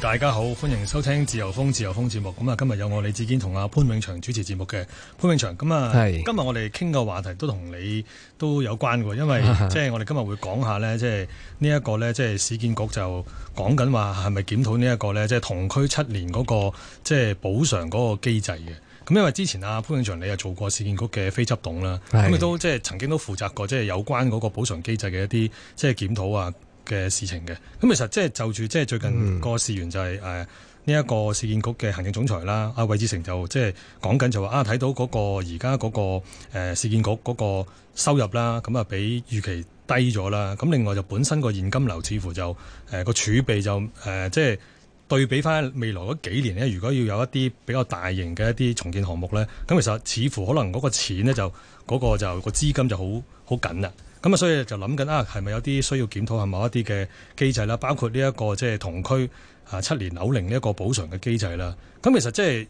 大家好，歡迎收聽自由風自由風節目。咁啊，今日有我李志堅同阿潘永祥主持節目嘅潘永祥。咁啊是，係今日我哋傾嘅話題都同你都有關嘅，因為即係我哋今日會講下咧，即係呢一個咧，即係市建局就講緊話係咪檢討呢一個咧，即係同區七年嗰個即係補償嗰個機制嘅。咁因為之前阿潘永祥你又做過市建局嘅非執董啦，咁亦都即係曾經都負責過即係有關嗰個補償機制嘅一啲即係檢討啊。嘅事情嘅，咁其實即係就住即係最近個事緣就係誒呢一個市建局嘅行政總裁啦，阿韋志成就即係講緊就話啊、那個，睇到嗰個而家嗰個市建局嗰個收入啦，咁啊比預期低咗啦，咁另外就本身個現金流似乎就誒個、呃、儲備就誒即係對比返未來嗰幾年咧，如果要有一啲比較大型嘅一啲重建項目咧，咁其實似乎可能嗰個錢咧就嗰、那個就、那個資金就好好緊啦。咁啊，所以就諗緊啊，係咪有啲需要檢討係某一啲嘅機制啦？包括呢、這、一個即係、就是、同區啊七年樓齡呢一個補償嘅機制啦。咁、啊、其實即係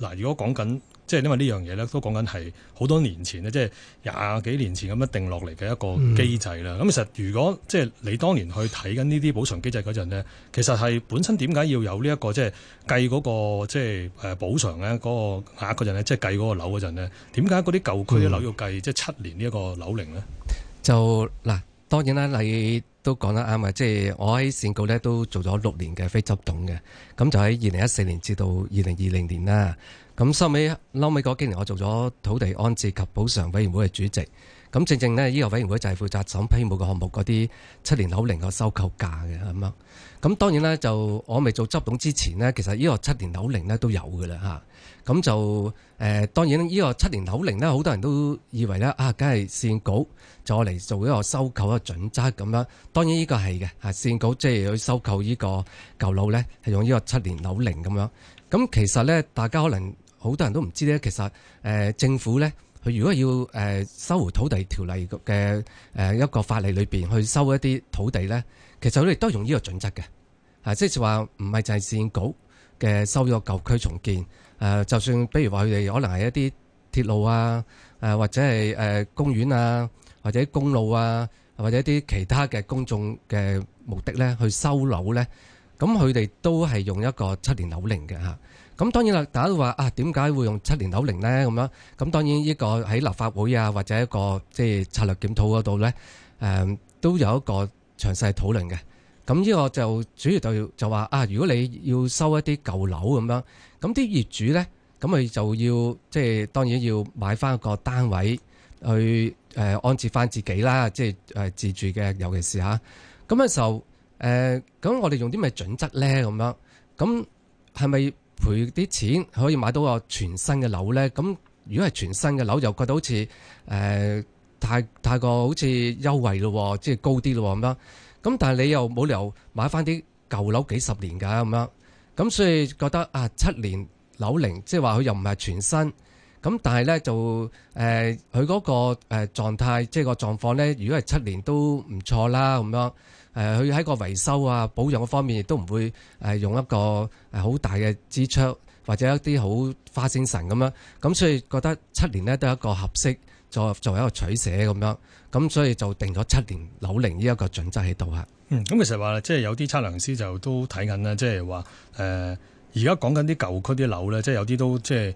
嗱，如果講緊即係因為呢樣嘢咧，都講緊係好多年前咧，即係廿幾年前咁樣定落嚟嘅一個機制啦。咁、嗯啊、其實如果即係、就是、你當年去睇緊呢啲補償機制嗰陣咧，其實係本身點解要有呢、這、一個即係、就是、計嗰、那個即係誒補償咧嗰、那個額嗰陣咧，即、啊、係、就是、計嗰個樓嗰陣咧，點解嗰啲舊區嘅樓要計即係、嗯、七年呢一個樓齡咧？就嗱，當然啦，你都講得啱啊！即係我喺市建局咧都做咗六年嘅非執董嘅，咁就喺二零一四年至到二零二零年啦。咁收尾撈尾嗰幾年，我做咗土地安置及補償委員會嘅主席。咁正正呢，呢個委員會就係負責審批每個項目嗰啲七年樓齡嘅收購價嘅咁樣。咁當然呢就我未做執董之前呢，其實呢個七年樓齡呢都有嘅啦，咁就誒、呃，當然呢個七年樓齡呢，好多人都以為呢啊，梗係市建局就嚟做一個收購一個準則咁樣。當然呢個係嘅嚇，市建局即係去收購呢個舊樓呢，係用呢個七年樓齡咁樣。咁其實呢，大家可能好多人都唔知呢，其實、呃、政府呢。佢如果要誒收回土地條例嘅誒一個法例裏邊去收一啲土地呢，其實佢哋都用呢個準則嘅，啊，即係話唔係就係市建局嘅收咗舊區重建，誒，就算比如話佢哋可能係一啲鐵路啊，誒或者係誒公園啊，或者公路啊，或者一啲其他嘅公眾嘅目的呢去收樓呢。咁佢哋都係用一個七年樓齡嘅嚇。咁當然啦，大家都話啊，點解會用七年樓齡咧？咁樣，咁當然呢個喺立法會啊，或者一個即係策略檢討嗰度咧，誒都有一個詳細討論嘅。咁呢個就主要就就話啊，如果你要收一啲舊樓咁樣，咁啲業主咧，咁佢就要即係當然要買翻個單位去誒安置翻自己啦，即係誒自住嘅，尤其是嚇。咁嘅時候誒，咁我哋用啲咩準則咧？咁樣咁係咪？賠啲錢可以買到個全新嘅樓呢。咁如果係全新嘅樓，又覺得好似、呃、太太過好似優惠咯、哦，即係高啲咯咁樣。咁但係你又冇理由買翻啲舊樓幾十年㗎咁樣。咁所以覺得啊七年樓齡，即係話佢又唔係全新。咁但係呢，就佢嗰、呃、個狀態，即係個狀況呢，如果係七年都唔錯啦，咁樣。誒佢喺個維修啊、保養方面亦都唔會誒用一個誒好大嘅支出，或者一啲好花精神咁樣。咁所以覺得七年呢都係一個合適，作作為一個取捨咁樣。咁所以就定咗七年樓齡呢一個準則喺度嚇。嗯，咁其實話即係有啲測量師都看、就都睇緊啦，即係話誒。而家講緊啲舊區啲樓呢，即係有啲都即係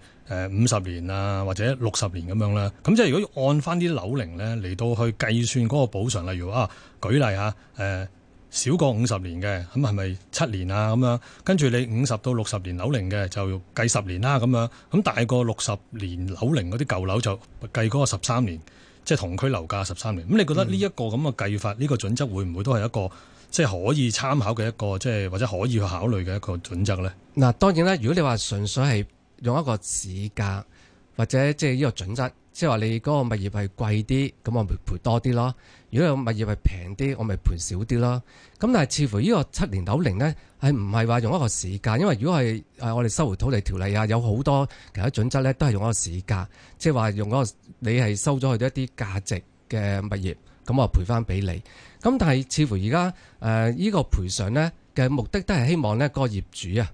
五十年啊，或者六十年咁樣啦。咁即係如果按翻啲樓齡呢嚟到去計算嗰個補償啦。例如啊，舉例嚇誒、啊、少過五十年嘅，咁係咪七年啊咁樣？跟住你五十到六十年樓齡嘅就計十年啦、啊、咁樣。咁大過六十年樓齡嗰啲舊樓就計嗰個十三年，即、就、係、是、同區樓價十三年。咁你覺得呢一個咁嘅計法，呢、嗯、個準則會唔會都係一個？即係可以參考嘅一個，即係或者可以去考慮嘅一個準則呢。嗱，當然啦，如果你話純粹係用一個市價，或者即係呢個準則，即係話你嗰個物業係貴啲，咁我咪賠多啲咯；如果有物業係平啲，我咪賠少啲咯。咁但係似乎呢個七年樓齡呢，係唔係話用一個市價？因為如果係誒我哋收回土地條例啊，有好多其他準則呢，都係用一個市價，即係話用嗰個你係收咗佢一啲價值嘅物業。咁我賠翻俾你。咁但係似乎而家誒呢個賠償呢嘅目的都係希望呢個、嗰個業主啊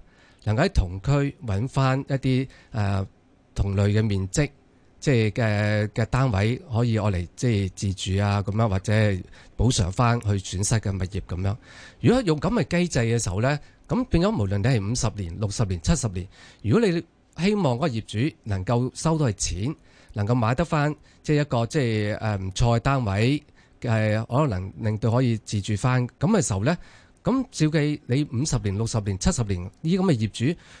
能夠喺同區揾翻一啲誒、呃、同類嘅面積，即係嘅嘅單位可以攞嚟即係自住啊咁樣，或者補償翻去損失嘅物業咁樣。如果用咁嘅機制嘅時候呢，咁變咗無論你係五十年、六十年、七十年，如果你希望嗰個業主能夠收到係錢，能夠買得翻即係一個即係誒唔錯嘅單位。係可能令到可以自住翻，咁嘅時候呢，咁照計，你五十年、六十年、七十年呢啲咁嘅業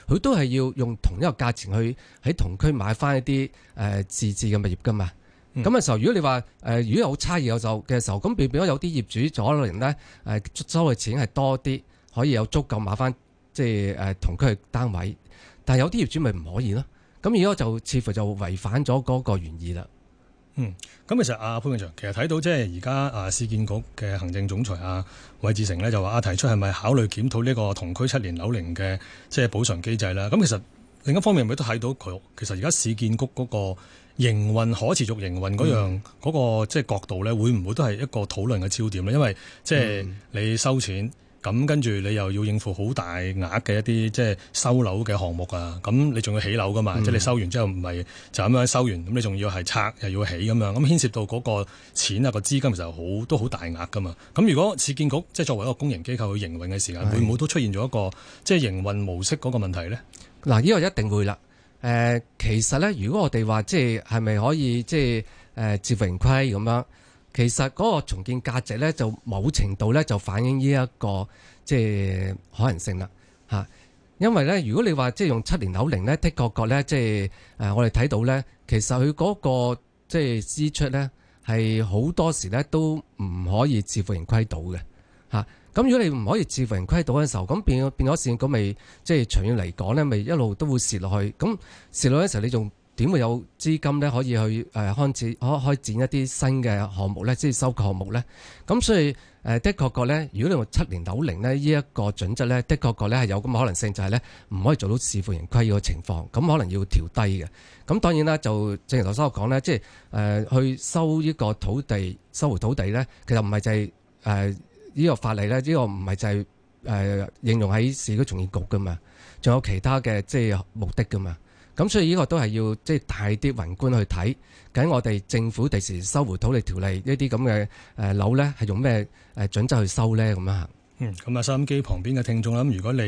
主，佢都係要用同一個價錢去喺同區買翻一啲誒自置嘅物業噶嘛？咁嘅、嗯、時候，如果你話如果有差異有嘅時候，咁變變咗有啲業主可能呢，誒收嘅錢係多啲，可以有足夠買翻即係同區嘅單位，但係有啲業主咪唔可以咯？咁而家就似乎就違反咗嗰個原意啦。嗯，咁其實啊潘永祥，其實睇到即係而家啊，市建局嘅行政總裁啊，韋志成咧就話啊，提出係咪考慮檢討呢個同區七年樓齡嘅即係補償機制啦。咁其實另一方面，係咪都睇到佢其實而家市建局嗰個營運可持續營運嗰樣嗰個即係角度咧，會唔會都係一個討論嘅焦點咧？因為即係你收錢。咁跟住你又要應付好大額嘅一啲即係收樓嘅項目啊！咁你仲要起樓㗎嘛？即係你收完之後唔係就咁樣收完，咁你仲要係拆又要起咁樣，咁牽涉到嗰個錢啊個資金其實好都好大額㗎嘛！咁如果市建局即係作為一個公營機構去營運嘅時間，會唔會都出現咗一個即係營運模式嗰個問題咧？嗱，呢個一定會啦。誒，其實咧，如果我哋話即係係咪可以即係誒接盈虧咁樣？其實嗰個重建價值咧，就某程度咧就反映呢一個即係可能性啦，嚇！因為咧，如果你話即係用七年樓齡咧，的確確咧即係誒，我哋睇到咧，其實佢嗰個即係支出咧係好多時咧都唔可以自負盈虧到嘅，嚇！咁如果你唔可以自負盈虧到嘅時候，咁變變咗線，咁咪即係長遠嚟講咧，咪一路都會蝕落去。咁蝕落嘅時候，你仲？點會有資金咧可以去誒開始開開展一啲新嘅項目咧，即係收購項目咧？咁所以誒、呃，的確個咧，如果你用七年樓齡咧，依、這、一個準則咧，的確，確，確個咧係有咁嘅可能性，就係咧唔可以做到自負盈虧嘅情況，咁可能要調低嘅。咁當然啦，就正如頭先我講咧，即係誒、呃、去收呢個土地收回土地咧，其實唔係就係誒依個法例咧，呢、這個唔係就係誒應用喺市區重建局噶嘛，仲有其他嘅即係目的噶嘛。咁所以呢個都係要即係大啲宏觀去睇，咁我哋政府第時收回土地條例呢啲咁嘅誒樓咧，係用咩誒準則去收咧咁啊？嗯，咁啊收音機旁邊嘅聽眾啦，咁如果你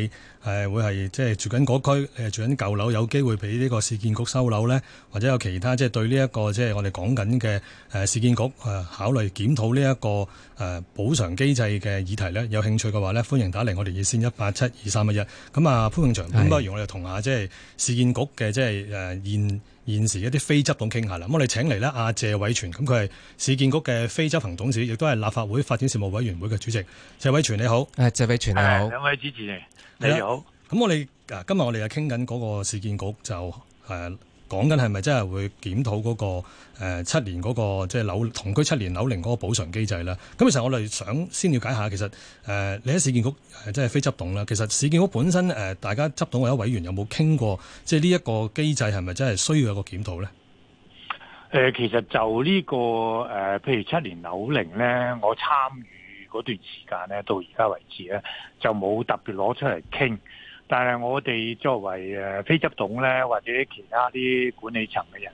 誒會係即係住緊嗰區，誒住緊舊樓，有機會俾呢個市建局收樓咧，或者有其他即係對呢一個即係我哋講緊嘅誒市建局誒考慮檢討呢一個誒補償機制嘅議題咧，有興趣嘅話咧，歡迎打嚟我哋熱線一八七二三一一。咁啊潘永祥，咁的不如我哋同下即係市建局嘅即係誒現。現時一啲非執董傾下啦，咁我哋請嚟咧阿謝偉銓，咁佢係市建局嘅非執行董事，亦都係立法會發展事務委員會嘅主席。謝偉銓你好，誒謝偉銓你好，兩位主持人，你好。咁我哋今日我哋就傾緊嗰個市建局就誒。講緊係咪真係會檢討嗰、嗰個、呃、七年嗰、嗰個即係樓同居七年樓齡嗰個補償機制咧？咁其實我哋想先了解一下，其實誒、呃、你喺市建局誒即係非執董咧，其實市建局本身誒、呃、大家執董或者委員有冇傾過即係呢一個機制係咪真係需要一個檢討咧？誒、呃，其實就呢、呢個誒、呃，譬如七年樓齡咧，我參與嗰段時間咧，到而家為止咧，就冇特別攞出嚟傾。但係我哋作為誒非執董咧，或者其他啲管理層嘅人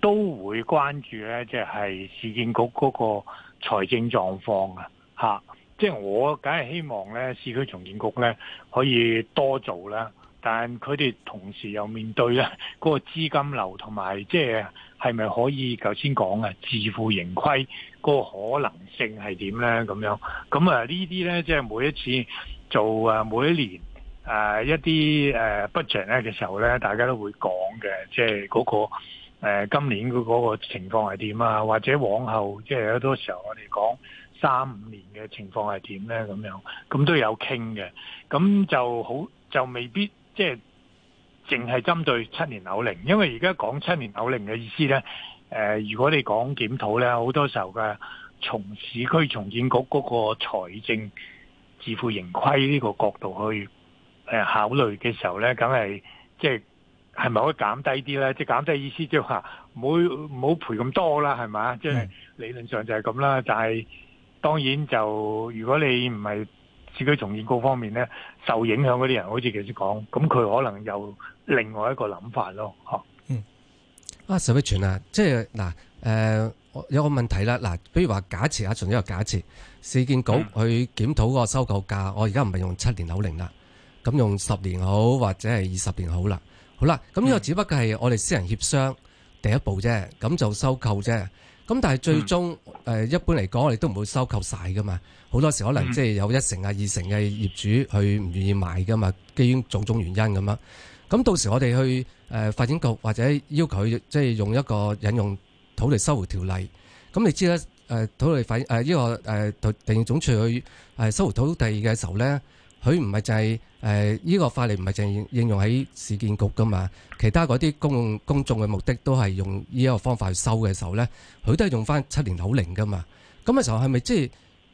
都會關注咧，即係市建局嗰個財政狀況啊！嚇，即係我梗係希望咧，市區重建局咧可以多做啦。但係佢哋同時又面對咧嗰個資金流同埋，即係係咪可以頭先講嘅自負盈虧嗰個可能性係點咧？咁樣咁啊！呢啲咧即係每一次做啊，每一年。誒、啊、一啲誒 budget 咧嘅時候咧，大家都會講嘅，即係嗰、那個、呃、今年佢嗰情況係點啊？或者往後即係好多時候我哋講三五年嘅情況係點咧？咁樣咁都有傾嘅，咁就好就未必即係淨係針對七年樓齡，因為而家講七年樓齡嘅意思咧，誒、呃、如果你講檢討咧，好多時候嘅從市區重建局嗰個財政自負盈虧呢個角度去。誒考慮嘅時候咧，梗係即係係咪可以減低啲咧？即係減低意思即係話，唔好唔好賠咁多啦，係嘛？即係、嗯、理論上就係咁啦。但係當然就如果你唔係市區重建局方面咧，受影響嗰啲人，好似其實講，咁佢可能有另外一個諗法咯，呵。嗯。啊，謝偉銓啊，即係嗱誒，有一個問題啦。嗱，譬如話假設啊，仲有一個假設，市建局去檢討個收購價，嗯、我而家唔係用七年樓齡啦。咁用十年好，或者係二十年好啦。好啦，咁呢個只不過係我哋私人協商第一步啫。咁就收購啫。咁但係最終一般嚟講，我哋都唔會收購晒噶嘛。好多時可能即係有一成啊、二成嘅業主去唔願意賣噶嘛，基於種種原因咁嘛。咁到時我哋去誒發展局或者要求佢即係用一個引用土地收回條例。咁你知啦，土地反誒呢個誒地政、呃、總署去收回土地嘅時候咧。佢唔係就係呢依個法例唔係淨係應應用喺市建局噶嘛，其他嗰啲公公眾嘅目的都係用呢一個方法去收嘅時候咧，佢都係用翻七年樓齡噶嘛。咁嘅時候係咪即係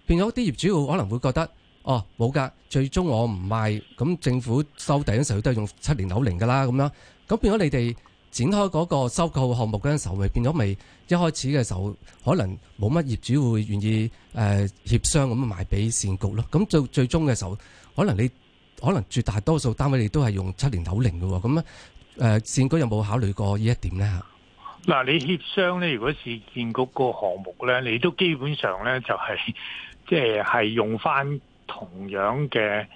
變咗啲業主會可能會覺得，哦冇㗎，最終我唔賣，咁政府收頂嘅時候都係用七年樓齡㗎啦，咁樣。咁變咗你哋展開嗰個收購項目嘅陣時候，咪變咗咪一開始嘅時候可能冇乜業主會願意誒協、呃、商咁賣俾市建局咯。咁最最終嘅時候。可能你可能絕大多數單位你都係用七年樓齡嘅咁啊誒善居有冇考慮過呢一點咧吓？嗱，你協商咧，如果市建局個項目咧，你都基本上咧就係即係係用翻同樣嘅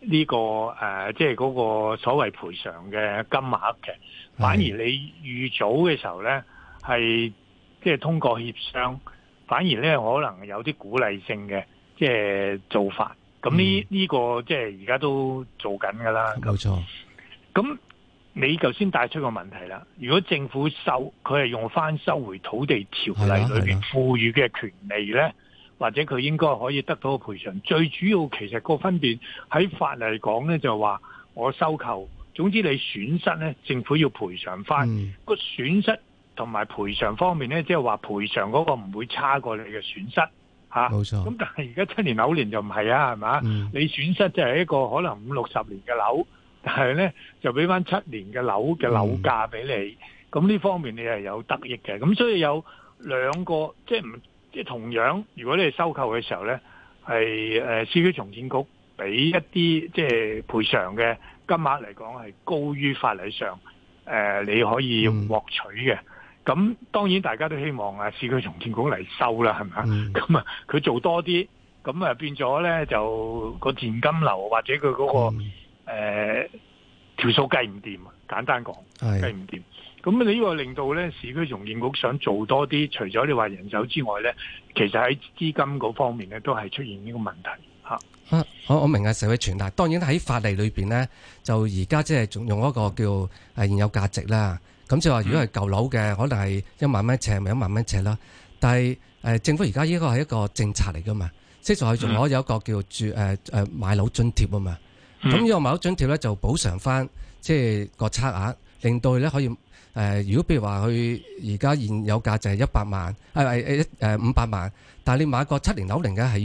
呢個誒即係嗰個所謂賠償嘅金額嘅，反而你預早嘅時候咧，係即係通過協商，反而咧可能有啲鼓勵性嘅即係做法。咁呢呢個即係而家都做緊噶啦，冇錯。咁你頭先帶出個問題啦，如果政府收佢係用翻收回土地條例裏面賦予嘅權利呢，的或者佢應該可以得到個賠償。的最主要其實個分別喺法例嚟講呢，就話話我收購，總之你損失呢，政府要賠償翻個損失同埋賠償方面呢，即係話賠償嗰個唔會差過你嘅損失。吓，冇錯。咁但係而家七年樓齡就唔係啊，係嘛？你損失就係一個可能五六十年嘅樓，但係咧就俾翻七年嘅樓嘅樓價俾你，咁呢方面你係有得益嘅。咁所以有兩個即係唔即係同樣，如果你係收購嘅時候咧，係誒市區重建局俾一啲即係賠償嘅金額嚟講係高於法理上誒你可以獲取嘅。咁當然大家都希望啊，市區重建局嚟收啦，係咪啊？咁啊、嗯，佢做多啲，咁啊變咗咧就個現金流或者佢嗰、那個誒、嗯呃、條數計唔掂啊！簡單講，係計唔掂。咁你呢個令到咧市區重建局想做多啲，除咗你話人手之外咧，其實喺資金嗰方面咧都係出現呢個問題嚇、啊。我我明啊，社會傳達。當然喺法例裏邊咧，就而家即係仲用一個叫誒現有價值啦。咁即係話，如果係舊樓嘅，可能係一萬蚊尺，咪一萬蚊尺啦。但係誒、呃，政府而家呢個係一個政策嚟噶嘛，即係仲可有一個叫做誒誒買樓津貼啊嘛。咁呢、嗯、個買樓津貼咧就補償翻，即、就、係、是、個差額，令到佢咧可以誒，呃、如果譬如話佢而家現有價就係一百萬，係係誒誒五百萬，但係你買個七年樓齡嘅係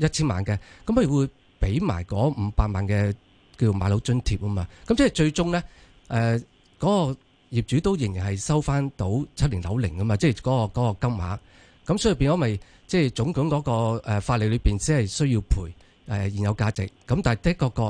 要一千萬嘅，咁佢如會俾埋嗰五百萬嘅叫做買樓津貼啊嘛。咁即係最終咧，誒、呃、嗰、那個。業主都仍然係收翻到七年樓齡噶嘛，即係嗰個嗰個金額。咁所以變咗咪、就是，即係總總嗰個誒法例裏邊，只係需要賠誒、呃、現有價值。咁但係的確個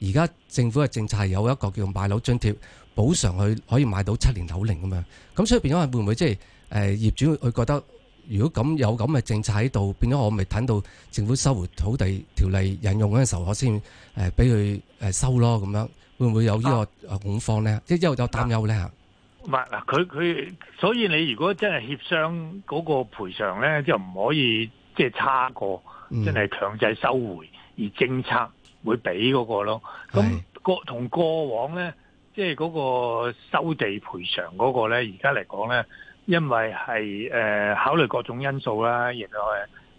而家政府嘅政策係有一個叫買樓津貼補償，佢可以買到七年樓齡咁樣。咁所以變咗係會唔會即係誒業主佢覺得，如果咁有咁嘅政策喺度，變咗我咪等到政府收回土地條例引用嘅時候，我先誒俾佢誒收咯咁樣。會唔會有呢個恐慌咧？即係有有擔憂咧嚇？佢佢，所以你如果真係協商嗰個賠償呢，就唔可以即係、就是、差過，嗯、真係強制收回而政策會俾嗰個咯。咁過同過往呢，即係嗰個收地賠償嗰個呢，而家嚟講呢，因為係誒、呃、考慮各種因素啦，然後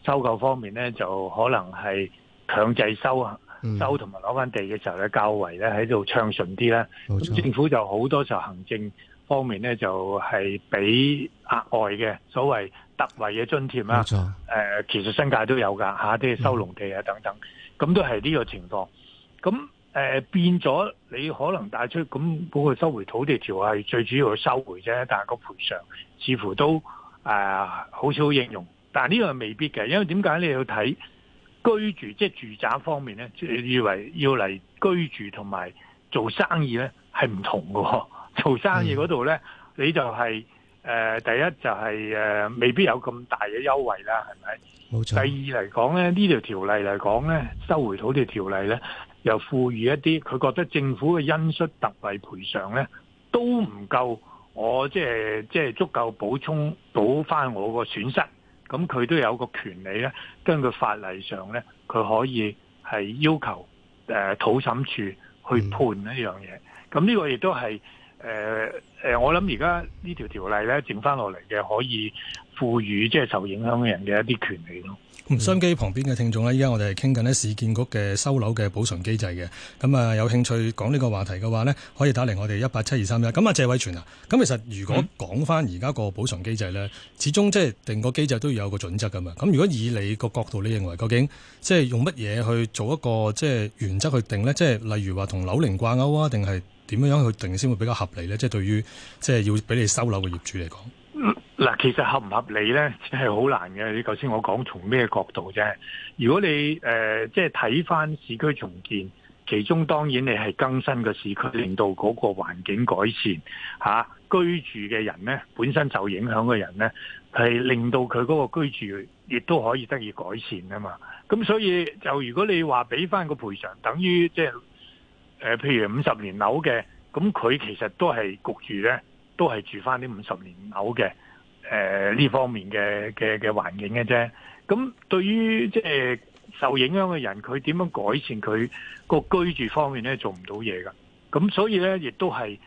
誒收購方面呢，就可能係強制收、嗯、收同埋攞翻地嘅時候的交呢，較為呢喺度暢順啲啦。咁錯政府就好多時候行政方面咧就係、是、俾額外嘅所謂特惠嘅津貼啊錯、呃，其實新界都有㗎，下啲收農地啊等等，咁都係呢個情況。咁、呃、變咗你可能帶出咁嗰收回土地條，係最主要嘅收回啫。但係個賠償似乎都似、呃、好少應用，但係呢樣未必嘅，因為點解你要睇居住即係、就是、住宅方面咧？以為要嚟居住同埋做生意咧，係唔同嘅喎。做生意嗰度咧，你就係、是、誒、呃、第一就係、是、誒、呃、未必有咁大嘅優惠啦，係咪？冇錯。第二嚟講咧，條條呢條條例嚟講咧，收回土地條例咧，又賦予一啲佢覺得政府嘅恩恤特惠賠償咧，都唔夠我即係即係足夠補充補翻我個損失。咁佢都有個權利咧，根據法例上咧，佢可以係要求誒、呃、土審處去判呢樣嘢。咁呢、嗯、個亦都係。誒誒、呃呃，我諗而家呢條條例咧整翻落嚟嘅，可以賦予即係、就是、受影響嘅人嘅一啲權利咯。咁相機旁邊嘅聽眾呢，依家我哋係傾緊市建局嘅收樓嘅補償機制嘅。咁啊，有興趣講呢個話題嘅話呢，可以打嚟我哋一八七二三一。咁啊，謝偉銓啊，咁其實如果講翻而家個補償機制呢，嗯、始終即係定個機制都要有個準則噶嘛。咁如果以你個角度，你認為究竟即係用乜嘢去做一個即係原則去定呢？即係例如話同樓齡掛鈎啊，定係？點樣樣去定先會比較合理呢？即係對於即係要俾你收樓嘅業主嚟講，嗱，其實合唔合理呢，係好難嘅。你頭先我講從咩角度啫？如果你誒、呃、即係睇翻市區重建，其中當然你係更新個市區，令到嗰個環境改善嚇、啊、居住嘅人呢，本身受影響嘅人呢，係令到佢嗰個居住亦都可以得以改善啊嘛。咁所以就如果你話俾翻個賠償，等於即係。誒，譬如五十年樓嘅，咁佢其實都係焗住呢，都係住翻啲五十年樓嘅，誒、呃、呢方面嘅嘅嘅環境嘅啫。咁對於即係、就是、受影響嘅人，佢點樣改善佢個居住方面呢？做唔到嘢噶。咁所以呢，亦都係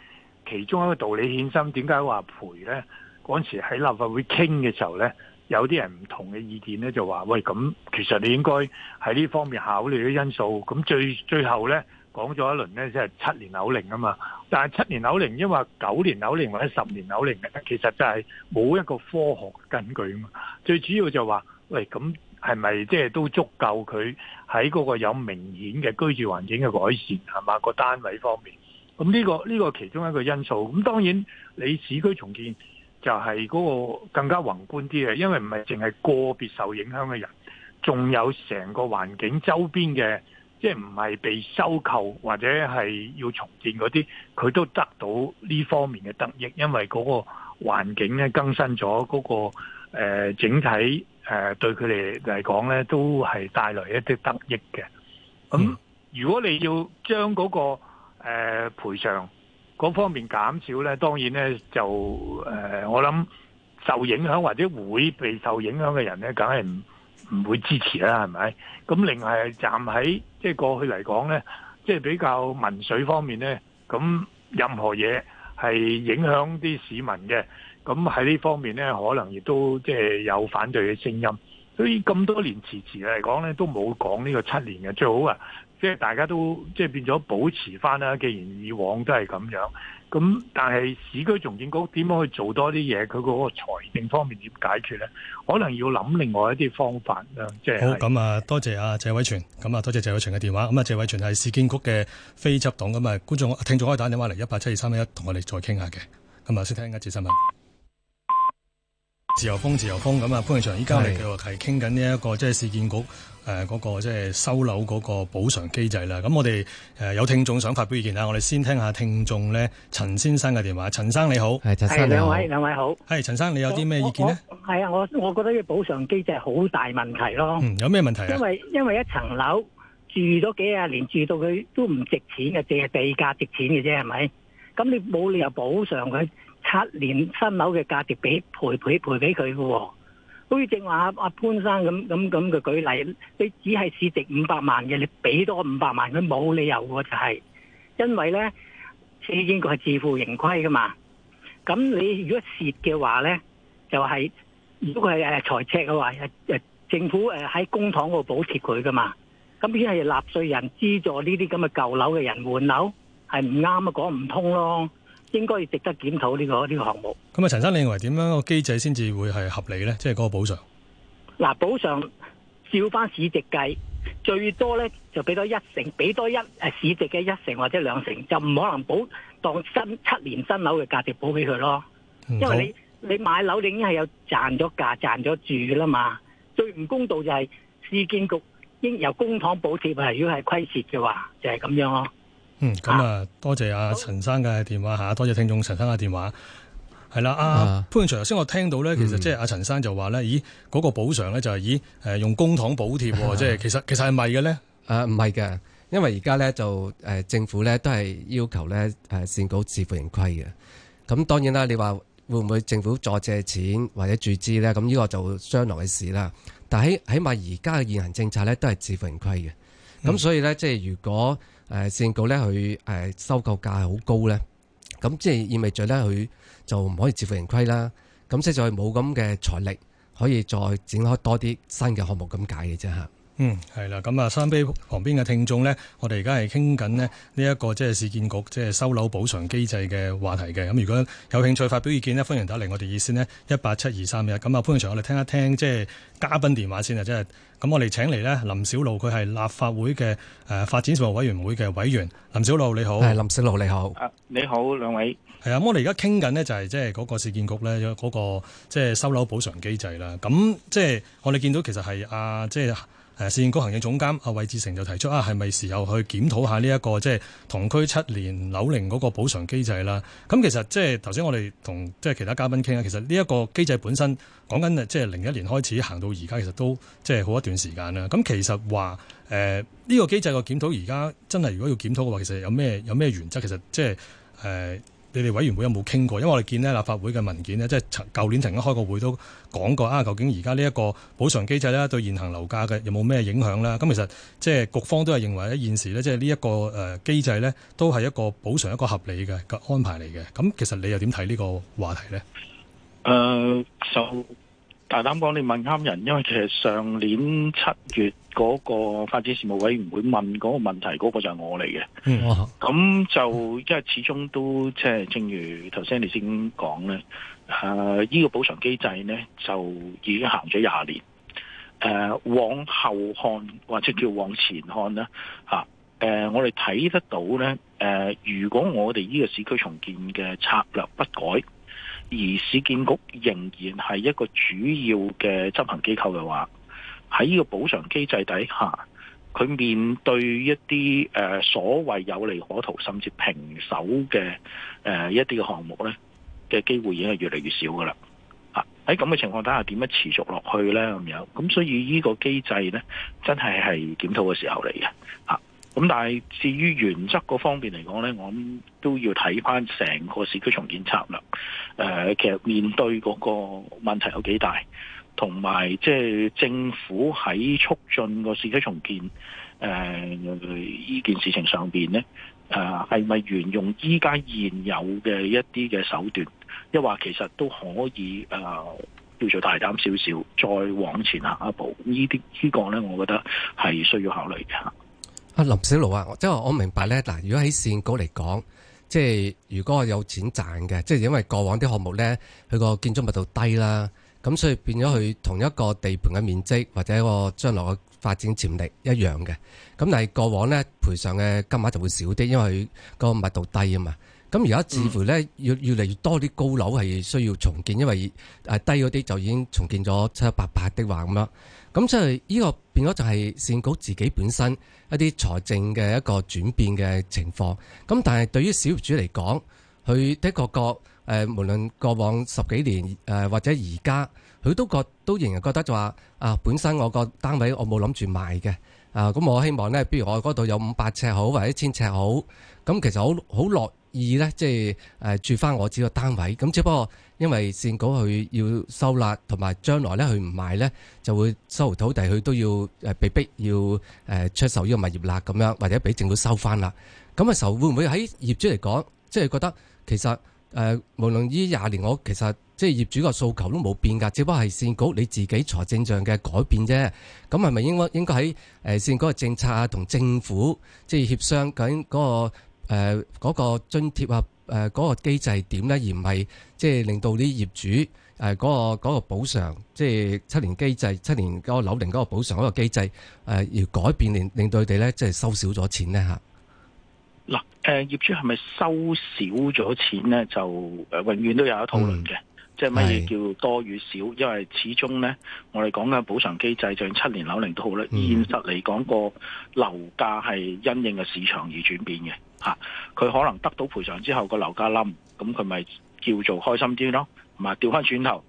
其中一個道理衍生。點解話賠呢？嗰陣時喺立法會傾嘅時候呢，有啲人唔同嘅意見呢，就話：喂，咁其實你應該喺呢方面考慮啲因素。咁最最後呢。講咗一輪呢，即係七年樓齡啊嘛，但係七年樓齡，因為九年樓齡或者十年樓齡其實就係冇一個科學根據啊嘛。最主要就話，喂，咁係咪即係都足夠佢喺嗰個有明顯嘅居住環境嘅改善係嘛，個單位方面？咁呢個呢個其中一個因素。咁當然你市區重建就係嗰個更加宏觀啲嘅，因為唔係淨係個別受影響嘅人，仲有成個環境周邊嘅。即係唔係被收購或者係要重建嗰啲，佢都得到呢方面嘅得益，因為嗰個環境咧更新咗，嗰、那個誒、呃、整體誒、呃、對佢哋嚟講咧，都係帶來一啲得益嘅。咁如果你要將嗰、嗰個誒、呃、賠償，嗰方面減少咧，當然咧就誒、呃、我諗受影響或者會被受影響嘅人咧，梗係唔唔會支持啦，係咪？咁另係站喺即係過去嚟講呢，即係比較民粹方面呢，咁任何嘢係影響啲市民嘅，咁喺呢方面呢，可能亦都即係有反對嘅聲音。所以咁多年遲遲嚟講呢，都冇講呢個七年嘅最好啊！即係大家都即係變咗保持返啦。既然以往都係咁樣。咁但係市區重建局點樣去做多啲嘢？佢個財政方面點解決咧？可能要諗另外一啲方法啦。即、就、係、是、好咁啊！多謝啊謝偉銓，咁、嗯、啊、嗯、多謝謝偉銓嘅電話。咁、嗯、啊謝偉銓係市建局嘅非執董，咁、嗯、啊觀眾聽眾可以打電話嚟一八七二三一一，同我哋再傾下嘅。咁啊先聽一次新聞。自由風，自由風咁啊！潘永祥，依家嚟嘅係傾緊呢一個即係市建局誒嗰個即係收樓嗰個補償機制啦。咁我哋誒有聽眾想發表意見啦，我哋先聽下聽眾咧陳先生嘅電話。陳生你好，係陳生你好，兩位兩位好，係陳生你有啲咩意見呢？係啊，我我覺得呢個補償機制好大問題咯。嗯，有咩問題啊？因為因為一層樓住咗幾廿年，住到佢都唔值錢嘅，淨係地價值錢嘅啫，係咪？咁你冇理由補償佢。七年新樓嘅價值俾賠賠賠俾佢嘅，好似正話阿潘生咁咁咁嘅舉例，你只係市值五百萬嘅，你俾多五百萬佢冇理由就係、是，因為咧，呢啲嘢佢係自負盈虧噶嘛。咁你如果蝕嘅話咧，就係、是、如果係誒財赤嘅話，誒政府誒喺公帑度補貼佢噶嘛。咁呢係納稅人資助呢啲咁嘅舊樓嘅人換樓，係唔啱啊，講唔通咯。應該要值得檢討呢個呢個項目。咁啊，陳生，你認為點樣個機制先至會係合理咧？即係嗰個補償。嗱，補償照翻市值計，最多咧就俾多一成，俾多一誒市值嘅一成或者兩成，就唔可能補當新七年新樓嘅價值補俾佢咯。好因為你你買樓已經係有賺咗價、賺咗住㗎啦嘛。最唔公道就係市建局應由公帑補貼，係如果係虧蝕嘅話，就係咁樣咯。咁啊、嗯，多謝阿陳生嘅電話吓，多謝聽眾陳生嘅電話，係啦，阿、啊啊、潘永祥頭先我聽到咧、嗯那個就是，其實即係阿陳生就話咧，咦，嗰個補償咧就係咦，誒用公帑補貼，即係其實其實係咪嘅咧？誒唔係嘅，因為而家咧就誒、呃、政府咧都係要求咧誒善舉自負盈虧嘅，咁當然啦，你話會唔會政府再借錢或者注資咧？咁呢個就將來嘅事啦。但係起碼而家嘅現行政策咧都係自負盈虧嘅，咁所以咧、嗯、即係如果。誒善告咧，佢誒收購價係好高咧，咁即係意味著咧佢就唔可以自負盈虧啦，咁即係冇咁嘅財力可以再展開多啲新嘅項目咁解嘅啫嚇。嗯，係啦，咁啊，三杯旁邊嘅聽眾呢，我哋而家係傾緊咧呢一個事件即係市建局即係收樓補償機制嘅話題嘅。咁如果有興趣發表意見呢，歡迎打嚟我哋熱線呢，一八七二三一。咁啊，潘永祥，我哋聽一聽即係嘉賓電話先啊，即係咁我哋請嚟呢林筱魯，佢係立法會嘅誒、呃、發展事務委員會嘅委員。林筱魯你好，係林筱魯你好。啊，你好兩位。係啊，我哋而家傾緊呢就係、是那個、即係嗰個市建局呢嗰個即係收樓補償機制啦。咁即係我哋見到其實係啊即係。誒，市建局行政總監阿韋志成就提出啊，係咪時候去檢討下呢、這、一個即係、就是、同區七年樓齡嗰個補償機制啦？咁其實即係頭先我哋同即係其他嘉賓傾啊，其實呢一個機制本身講緊即係零一年開始行到而家，其實都即係好一段時間啦。咁其實話誒呢個機制個檢討而家真係如果要檢討嘅話，其實有咩，有咩原則？其實即係誒。呃你哋委員會有冇傾過？因為我哋見咧立法會嘅文件咧，即係舊年曾經開過會都講過啊。究竟而家呢一個補償機制咧，對現行樓價嘅有冇咩影響咧？咁其實即係局方都係認為咧，現時咧即係呢一個誒機制咧，都係一個補償一個合理嘅嘅安排嚟嘅。咁其實你又點睇呢個話題咧？誒、呃，就大膽講，你問啱人，因為其實上年七月。嗰個發展事務委員會問嗰個問題，嗰、那個就係我嚟嘅。咁、嗯、就因為始終都即係，正如頭先你先講講呢，呢、呃、個、這個補償機制呢，就已經行咗廿年、呃。往後看或者叫往前看呢嚇、呃、我哋睇得到呢，誒、呃，如果我哋呢個市區重建嘅策略不改，而市建局仍然係一個主要嘅執行機構嘅話，喺呢個補償機制底下，佢面對一啲誒所謂有利可圖甚至平手嘅誒一啲嘅項目咧嘅機會已經係越嚟越少噶啦，啊喺咁嘅情況底下，點樣持續落去咧咁樣？咁所以呢個機制咧，真係係檢討嘅時候嚟嘅啊！咁但係至於原則嗰方面嚟講咧，我諗都要睇翻成個市區重建策略。誒、呃，其實面對嗰個問題有幾大？同埋即係政府喺促進個市區重建誒呢件事情上邊咧，誒係咪沿用依家現有嘅一啲嘅手段，亦或其實都可以誒叫做大膽少少，再往前行一步。呢啲呢個咧，我覺得係需要考慮嘅。阿林筱魯啊，即係我明白咧。嗱，如果喺市建局嚟講，即係如果我有錢賺嘅，即係因為過往啲項目咧，佢個建築物度低啦。咁所以變咗佢同一個地盤嘅面積或者一個將來嘅發展潛力一樣嘅，咁但係過往呢賠償嘅金額就會少啲，因為個密度低啊嘛。咁而家似乎呢，越越嚟越多啲高樓係需要重建，因為誒低嗰啲就已經重建咗七七八八的話咁啦。咁所以呢個變咗就係市建局自己本身一啲財政嘅一個轉變嘅情況。咁但係對於小業主嚟講，佢的確覺。誒，無論過往十幾年，誒、呃、或者而家，佢都覺得都仍然覺得就話啊，本身我個單位我冇諗住賣嘅啊。咁、呃、我希望呢，比如我嗰度有五百尺好，或者千尺好，咁其實好好樂意呢，即係住翻我自己個單位。咁只不過因為線稿佢要收納，同埋將來呢，佢唔賣呢，就會收回土地，佢都要誒被逼要誒出售呢個物業啦，咁樣或者俾政府收翻啦。咁嘅時候會唔會喺業主嚟講，即、就、係、是、覺得其實？誒、呃，無論呢廿年我，我其實即係業主個訴求都冇變㗎，只不過係市建局你自己財政上嘅改變啫。咁係咪應該應該喺誒市建局個政策啊，同政府即係、即係、協商緊嗰、嗰個誒嗰、呃嗰個津貼啊，誒嗰個機制點咧，而唔係即係令到啲業主誒嗰、嗰個嗰、嗰個補償，即係七年機制七年嗰個樓齡嗰個補償嗰個機制誒，而改變令令到佢哋咧即係收少咗錢咧嚇？嗱，誒業主係咪收少咗錢咧？就、呃、永遠都有得討論嘅，嗯、即係乜嘢叫多與少？是因為始終咧，我哋講緊補償機制，就七年樓齡都好啦、嗯、現實嚟講，個樓價係因應個市場而轉變嘅，吓、啊、佢可能得到賠償之後，個樓價冧，咁佢咪叫做開心啲咯？調翻轉頭，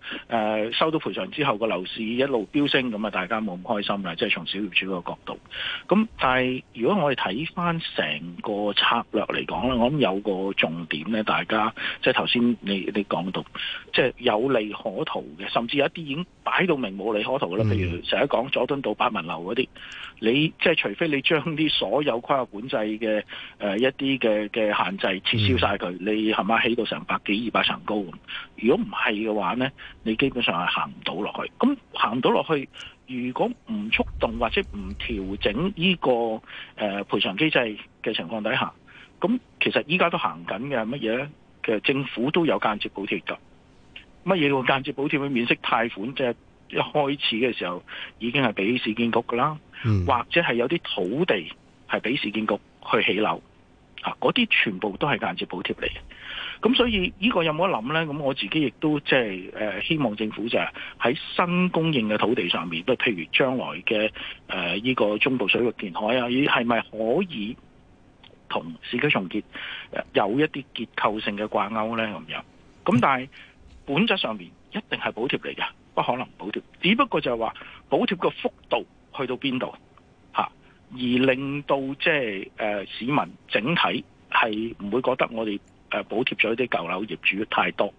收到賠償之後個樓市一路飆升，咁啊大家冇咁開心啦，即係從小業主嗰個角度。咁但係如果我哋睇翻成個策略嚟講咧，我諗有個重點咧，大家即係頭先你你講到，即係有利可圖嘅，甚至有一啲已經擺到明冇利可圖啦。嗯、譬如成日講佐敦道百文樓嗰啲，你即係除非你將啲所有規限管制嘅、呃、一啲嘅嘅限制撤銷曬佢，嗯、你係咪起到成百幾二百層高？如果唔，係嘅話咧，你基本上係行唔到落去。咁、嗯、行到落去，如果唔觸動或者唔調整呢、這個誒、呃、賠償機制嘅情況底下，咁、嗯、其實依家都行緊嘅乜嘢咧？其實政府都有間接補貼㗎。乜嘢個間接補貼去免息貸款即係、就是、一開始嘅時候已經係俾市建局㗎啦，嗯、或者係有啲土地係俾市建局去起樓。嗰啲、啊、全部都係間接補貼嚟，咁所以呢個有冇得諗呢？咁我自己亦都即、就、係、係呃、希望政府就喺新供應嘅土地上面，譬如將來嘅呢依個中部水域填海啊，係咪可以同市區重建有一啲結構性嘅掛鈎呢？咁樣？咁但係本質上面一定係補貼嚟㗎，不可能唔補貼，只不過就係話補貼嘅幅度去到邊度？而令到即係誒，市民整體係唔會覺得我哋誒補貼咗一啲舊樓業主太多，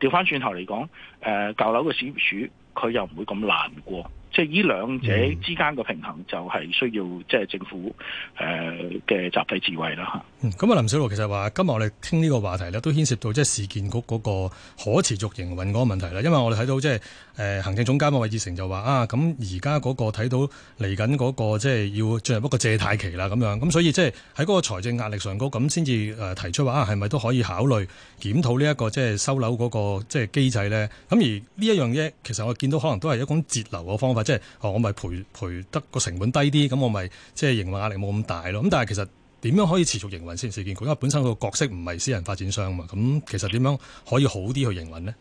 調翻轉頭嚟講誒，舊樓嘅市業主佢又唔會咁難過。即係呢兩者之間嘅平衡，就係需要即係政府誒嘅集體智慧啦吓，嗯，咁啊，林筱魯其實話今日我哋傾呢個話題咧，都牽涉到即係市建局嗰個可持續營運嗰個問題啦。因為我哋睇到即係誒行政總監韋志成就話啊，咁而家嗰個睇到嚟緊嗰個即係要進入一個借貸期啦咁樣，咁所以即係喺嗰個財政壓力上高，咁先至誒提出話啊，係咪都可以考慮檢討呢一個即係收樓嗰個即係機制咧？咁而呢一樣嘢，其實我見到可能都係一種節流嘅方法。即係，我咪賠賠得個成本低啲，咁我咪即係營運壓力冇咁大咯。咁但係其實點樣可以持續營運先？市建局因為本身個角色唔係私人發展商嘛，咁其實點樣可以好啲去營運呢？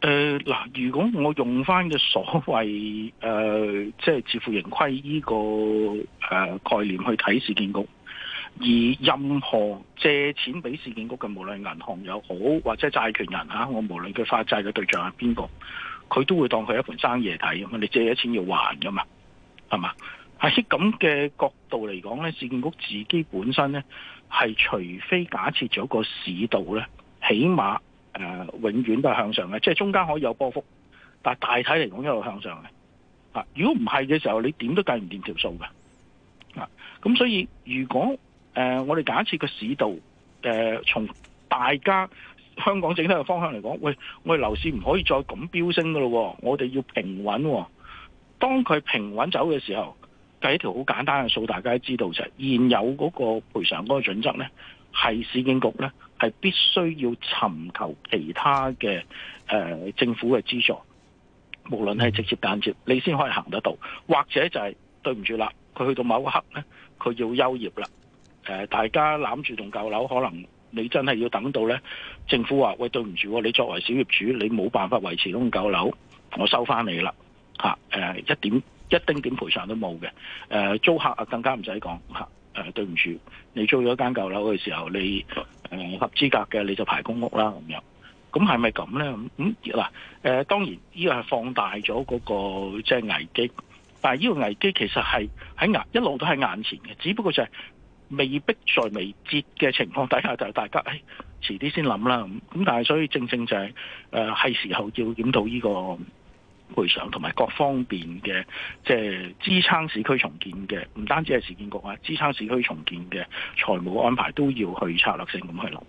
誒，嗱，如果我用翻嘅所謂誒、呃，即係自負盈虧呢個誒概念去睇市建局，而任何借錢俾市建局嘅，無論銀行又好，或者債權人吓，我無論佢發債嘅對象係邊個。佢都會當佢一盤生意嚟睇，咁你借咗錢要還㗎嘛，係嘛？喺咁嘅角度嚟講呢，市建局自己本身呢，係除非假設咗個市道呢，起碼、呃、永遠都係向上嘅，即係中間可以有波幅，但大體嚟講一路向上嘅。啊，如果唔係嘅時候，你點都計唔掂條數㗎。啊，咁所以如果誒、呃、我哋假設個市道誒、呃、從大家。香港整體嘅方向嚟講，喂，我哋樓市唔可以再咁飆升嘅咯、哦，我哋要平穩、哦，當佢平穩走嘅時候，就是、計一條好簡單嘅數，大家都知道就係現有嗰個賠償嗰個準則咧，係市建局咧係必須要尋求其他嘅誒、呃、政府嘅資助，無論係直接間接，你先可以行得到。或者就係、是、對唔住啦，佢去到某一刻咧，佢要休業啦。誒、呃、大家攬住棟舊樓可能。你真係要等到咧，政府話：喂，對唔住，你作為小業主，你冇辦法維持嗰棟舊樓，我收翻你啦、嚇、啊，一點一丁點賠償都冇嘅、啊。租客啊，更加唔使講嚇。啊，對唔住，你租咗間舊樓嘅時候，你、啊、合資格嘅，你就排公屋啦咁樣。咁係咪咁咧？嗯嗱、啊，當然呢個係放大咗嗰個即係危機，但係呢個危機其實係喺一路都喺眼前嘅，只不過就係。未迫在眉睫嘅情況底下，就是、大家誒遲啲先諗啦。咁但係所以正正就係誒係時候要檢討呢個賠償同埋各方面嘅即係支撐市區重建嘅，唔單止係市建局啊，支撐市區重建嘅財務安排都要去策略性咁去諗。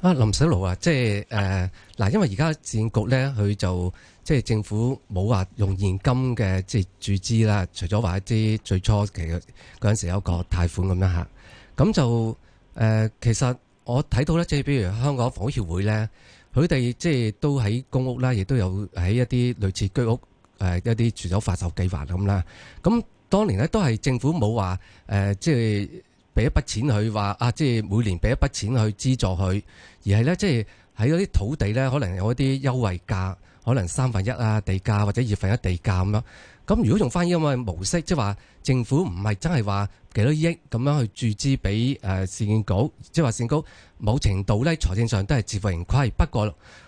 啊，林筱魯啊，即係誒嗱，因為而家市建局咧，佢就。即係政府冇話用現金嘅即係注資啦，除咗話一啲最初嘅嗰陣時有個貸款咁樣嚇，咁就誒、呃、其實我睇到咧，即係比如香港房協會咧，佢哋即係都喺公屋啦，亦都有喺一啲類似居屋誒、呃、一啲住宅發售計劃咁啦。咁當年咧都係政府冇話誒，即係俾一筆錢佢話啊，即、就、係、是、每年俾一筆錢去資助佢，而係咧即係喺嗰啲土地咧，可能有一啲優惠價。可能三分一啊地價或者二分一地價咁樣，咁如果用翻呢個模式，即係話政府唔係真係話幾多億咁樣去注資俾誒市建局，即係話市建局某程度咧財政上都係自負盈虧。不過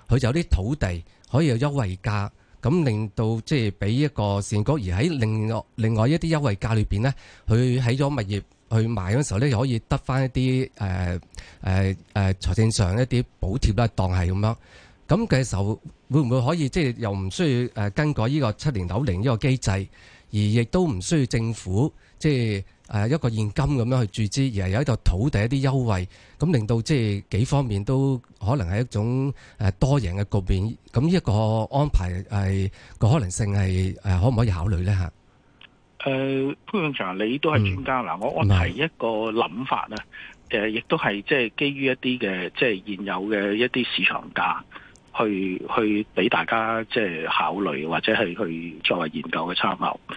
佢就有啲土地可以有優惠價，咁令到即係俾一個市建局而喺另外另外一啲優惠價裏面咧，佢喺咗物業去買嘅時候咧，又可以得翻一啲誒誒誒財政上一啲補貼啦，當係咁樣。咁嘅時候。會唔會可以即係又唔需要誒更改呢個七年樓齡呢個機制，而亦都唔需要政府即係誒一個現金咁樣去注資，而係有一個土地一啲優惠，咁令到即係幾方面都可能係一種誒多贏嘅局面。咁呢一個安排係個可能性係誒可唔可以考慮咧？吓誒潘永祥，你都係專家嗱，我我提一個諗法咧，誒亦都係即係基於一啲嘅即係現有嘅一啲市場價。去去俾大家即係考慮，或者係去，去作為研究嘅參考。誒、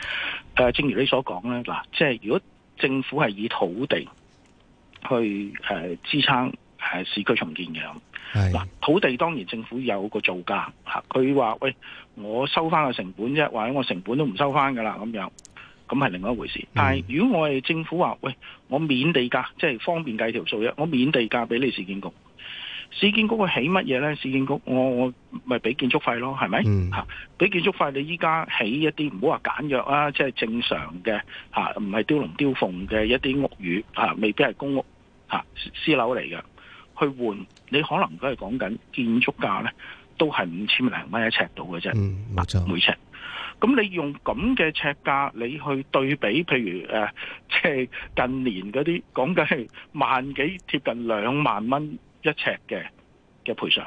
呃，正如你所講咧，嗱、呃，即係如果政府係以土地去誒、呃、支撐、呃、市區重建嘅嗱、呃、土地當然政府有個造價嚇，佢話喂，我收翻個成本啫，或者我成本都唔收翻噶啦咁樣，咁係另外一回事。嗯、但係如果我係政府話喂，我免地價，即係方便計條數啫，我免地價俾你市建局。市建局佢起乜嘢咧？市建局我我咪俾建築費咯，係咪？吓、嗯，俾、啊、建築費，你依家起一啲唔好話簡約啊，即、就、係、是、正常嘅吓，唔、啊、係雕龍雕鳳嘅一啲屋宇，吓、啊，未必係公屋吓、啊、私樓嚟嘅，去換你可能都係講緊建築價咧，都係五千零蚊一尺度嘅啫。唔錯、嗯，沒每尺。咁你用咁嘅尺價，你去對比，譬如誒、即、啊、係、就是、近年嗰啲講緊係萬幾貼近兩萬蚊。一尺嘅嘅賠償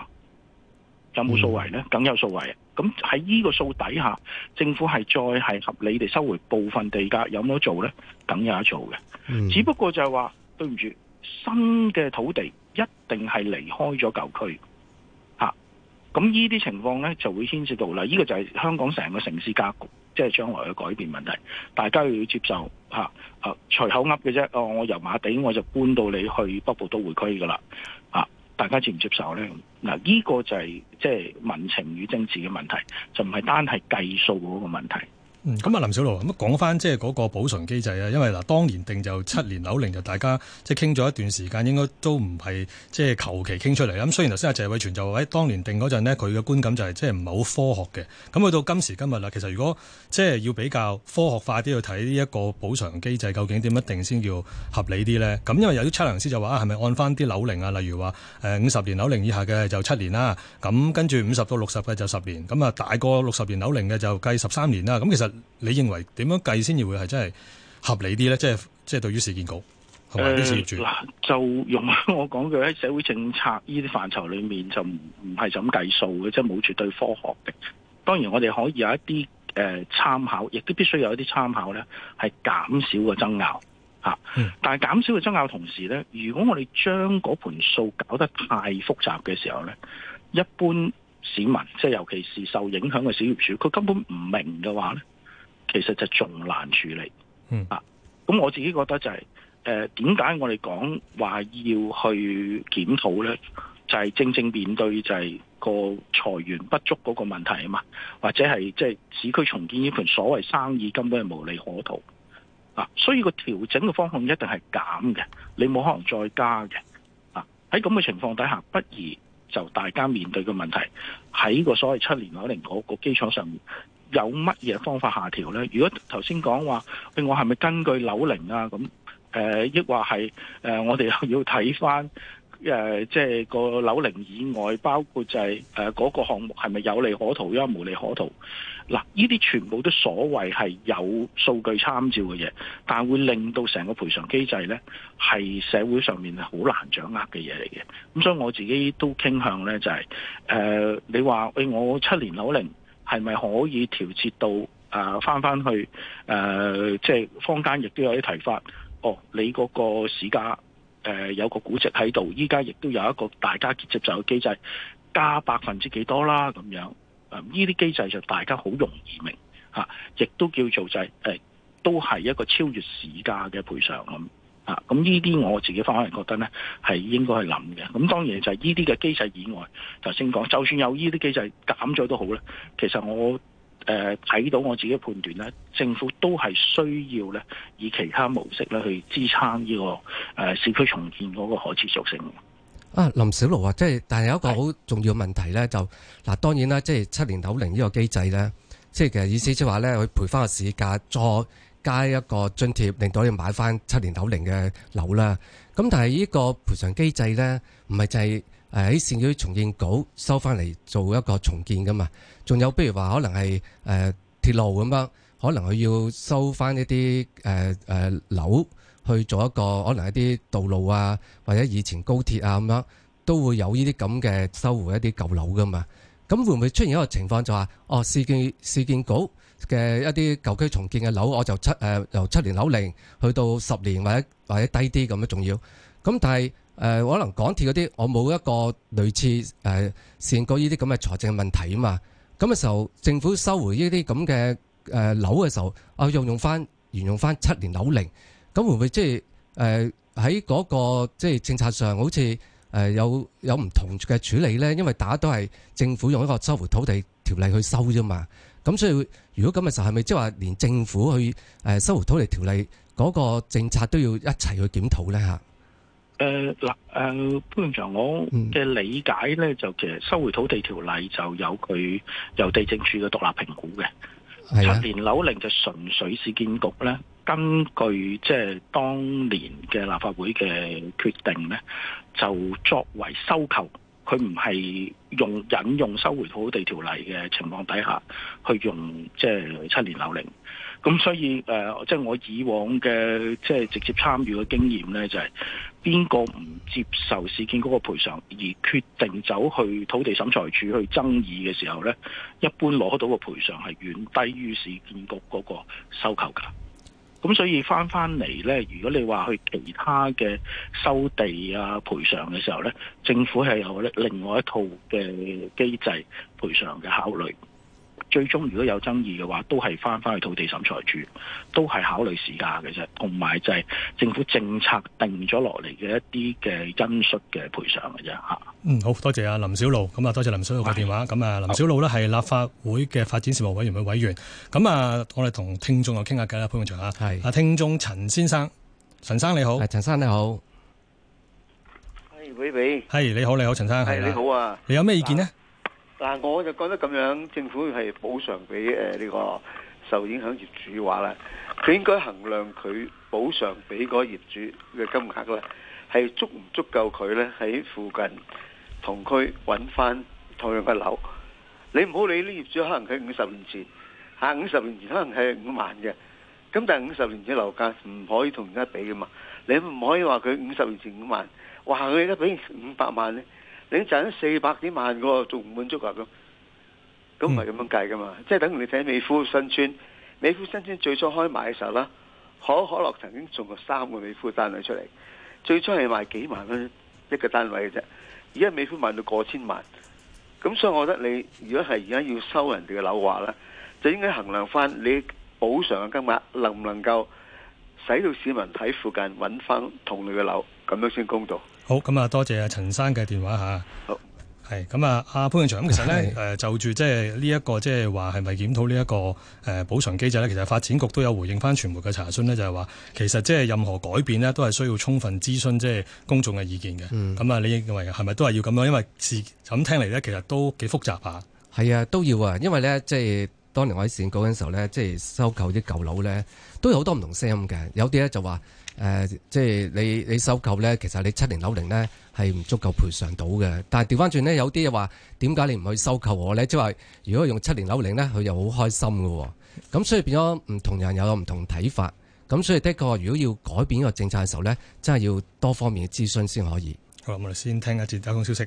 有冇數圍呢？梗、mm hmm. 有數圍。咁喺呢個數底下，政府係再係合理地收回部分地價，有冇得做呢？梗有得做嘅。Mm hmm. 只不過就係話，對唔住，新嘅土地一定係離開咗舊區吓。咁呢啲情況呢，就會牽涉到啦。呢、這個就係香港成個城市格局，即係將來嘅改變問題，大家要接受吓。隨、啊啊、口噏嘅啫。哦，我由馬地我就搬到你去北部都會區噶啦。大家接唔接受咧？嗱，呢個就係即係民情與政治嘅問題，就唔係單係計數個問題。嗯，咁啊林筱魯，咁講翻即係嗰個補償機制咧，因為嗱當年定就七年樓齡就大家即係傾咗一段時間，應該都唔係即係求其傾出嚟。咁雖然頭先阿謝偉銓就話喺當年定嗰陣呢，佢嘅觀感就係即係唔係好科學嘅。咁去到今時今日啦，其實如果即係要比較科學化啲去睇呢一個補償機制，究竟點一定先叫合理啲呢？咁因為有啲測量師就話啊，係咪按翻啲樓齡啊？例如話誒五十年樓齡以下嘅就七年啦，咁跟住五十到六十嘅就十年，咁啊大過六十年樓齡嘅就計十三年啦。咁其實你認為點樣計先至會係真係合理啲咧？即係即係對於市建局同埋啲業主，就用我講嘅喺社會政策呢啲範疇裏面就不算的，就唔唔係就咁計數嘅，即係冇絕對科學嘅。當然我哋可以有一啲誒參考，亦都必須有一啲參考咧，係減少個爭拗吓。嗯、但係減少個爭拗同時咧，如果我哋將嗰盤數搞得太複雜嘅時候咧，一般市民即係尤其是受影響嘅小業主，佢根本唔明嘅話咧。其實就仲難處理，嗯啊，咁我自己覺得就係、是，誒、呃，點解我哋講話要去檢討咧？就係、是、正正面對就係個財源不足嗰個問題啊嘛，或者係即係市區重建呢盤所謂生意根本係無利可圖啊，所以個調整嘅方向一定係減嘅，你冇可能再加嘅啊。喺咁嘅情況底下，不如就大家面對嘅問題喺個所謂七年樓齡嗰個基礎上面。有乜嘢方法下調呢？如果頭先講話，我係咪根據樓齡啊？咁、呃、誒，亦話係誒，我哋要睇翻誒，即係個樓齡以外，包括就係誒嗰個項目係咪有利可圖，因為無利可圖。嗱，呢啲全部都所謂係有數據參照嘅嘢，但會令到成個賠償機制呢係社會上面係好難掌握嘅嘢嚟嘅。咁所以我自己都傾向呢，就係、是、誒、呃，你話誒、欸、我七年樓齡。係咪可以調節到啊？翻、呃、翻去誒，即、呃、係、就是、坊間亦都有啲提法。哦，你嗰個市價誒、呃、有個估值喺度，依家亦都有一個大家接受嘅機制，加百分之幾多啦咁樣。呢、呃、啲機制就大家好容易明亦、啊、都叫做就係、是哎、都係一個超越市價嘅賠償咁。啊。咁呢啲我自己反而覺得呢係應該去諗嘅。咁當然就係呢啲嘅機制以外，頭先講就算有呢啲機制減咗都好咧。其實我睇、呃、到我自己判斷呢，政府都係需要呢以其他模式咧去支撐呢、這個社、呃、市區重建嗰個可持續性。啊，林筱魯啊，即係但係有一個好重要問題呢，是就嗱、啊、當然啦，即係七年樓齡呢個機制呢，即係其實意思即係話呢，佢賠翻個市價再。加一個津貼，令到你買買翻七年樓齡嘅樓啦。咁但係呢個賠償機制呢，唔係就係喺市區重建局收翻嚟做一個重建噶嘛。仲有譬如話可能係誒、呃、鐵路咁樣，可能佢要收翻一啲誒誒樓去做一個可能一啲道路啊，或者以前高鐵啊咁樣，都會有呢啲咁嘅收回一啲舊樓噶嘛。咁會唔會出現一個情況就話、是、哦市建市建局？嘅一啲舊區重建嘅樓，我就七誒由七年樓齡去到十年或者或者低啲咁樣重要。咁但係誒可能港鐵嗰啲，我冇一個類似誒試過呢啲咁嘅財政問題啊嘛。咁嘅時候，政府收回呢啲咁嘅誒樓嘅時候，啊用用翻沿用翻七年樓齡，咁會唔會即係誒喺嗰個即係政策上好似誒有有唔同嘅處理咧？因為大家都係政府用一個收回土地條例去收啫嘛。咁所以，如果咁嘅時候，係咪即係話，連政府去誒收回土地條例嗰個政策都要一齊去檢討咧？嚇、呃？誒、呃、嗱，誒潘議長，我嘅理解咧，嗯、就其實收回土地條例就有佢由地政處嘅獨立評估嘅，啊、七年樓齡就純粹市建局咧，根據即係當年嘅立法會嘅決定咧，就作為收購。佢唔係用引用收回土地條例嘅情況底下，去用即係七年樓齡。咁所以誒，即、呃、係、就是、我以往嘅即係直接參與嘅經驗呢，就係邊個唔接受市建局嘅賠償，而決定走去土地審裁處去爭議嘅時候呢，一般攞到嘅賠償係遠低於市建局嗰個收購價。咁所以返返嚟呢，如果你話去其他嘅收地啊，賠償嘅時候呢，政府係有另外一套嘅機制賠償嘅考慮。最終如果有爭議嘅話，都係翻翻去土地審裁處，都係考慮市價嘅啫，同埋就係政府政策定咗落嚟嘅一啲嘅因素嘅賠償嘅啫吓，嗯，好多謝啊林筱魯，咁啊多謝林筱魯嘅電話。咁啊唉林筱魯呢，係立法會嘅發展事務委員會委員。咁啊好，我哋同聽眾又傾下偈啦，潘永祥啊。係啊是，聽眾陳先生，陳先生你好。陳陳先生你好。喂貝貝。你好，你好，陳先生。係 Hey, 啦你好啊。你有咩意見呢？嗱，我就覺得咁樣，政府係補償俾誒呢個受影響業主嘅話咧，佢應該衡量佢補償俾嗰個業主嘅金額咧，係足唔足夠佢咧喺附近同區揾翻同樣嘅樓。你唔好理呢啲業主，可能佢五十年前嚇，五十年前可能係五萬嘅，咁但係五十年前樓價唔可以同而家比嘅嘛。你唔可以話佢五十年前五萬，話佢而家俾五百萬咧。你賺咗四百幾萬嗰個仲唔滿足啊？咁，咁唔係咁樣計噶嘛？即係等於你睇美孚新村，美孚新村最初開賣嘅時候啦，可可樂曾經做過三個美孚單位出嚟，最初係賣幾萬蚊一個單位嘅啫，而家美孚賣到過千萬，咁所以我覺得你如果係而家要收人哋嘅樓話咧，就應該衡量翻你補償嘅金額能唔能夠使到市民喺附近揾翻同類嘅樓，咁樣先公道。好，咁好啊，多謝阿陳生嘅電話吓。好，係，咁啊，阿潘永祥，其實咧，誒是、呃，就住即係呢一個，即係話係咪檢討呢一個誒補償機制咧？其實發展局都有回應翻傳媒嘅查詢咧，就係、是、話，其實即係任何改變咧，都係需要充分諮詢即係公眾嘅意見嘅。咁啊、嗯，你認為係咪都係要咁樣？因為似咁聽嚟咧，其實都幾複雜啊，係啊，都要啊，因為咧，即、就、係、是、當年我喺市建局嘅時候咧，即、就、係、是、收購啲舊樓咧，都有好多唔同聲音嘅，有啲咧就話。誒、呃，即係你你收購呢，其實你七年樓齡呢係唔足夠賠償到嘅。但係調翻轉呢，有啲話點解你唔去收購我呢？即係話如果用七年樓齡呢，佢又好開心嘅喎、哦。咁所以變咗唔同人又有唔同睇法。咁所以的確，如果要改變呢個政策嘅時候呢，真係要多方面嘅諮詢先可以。好，我哋先聽一次交通消息。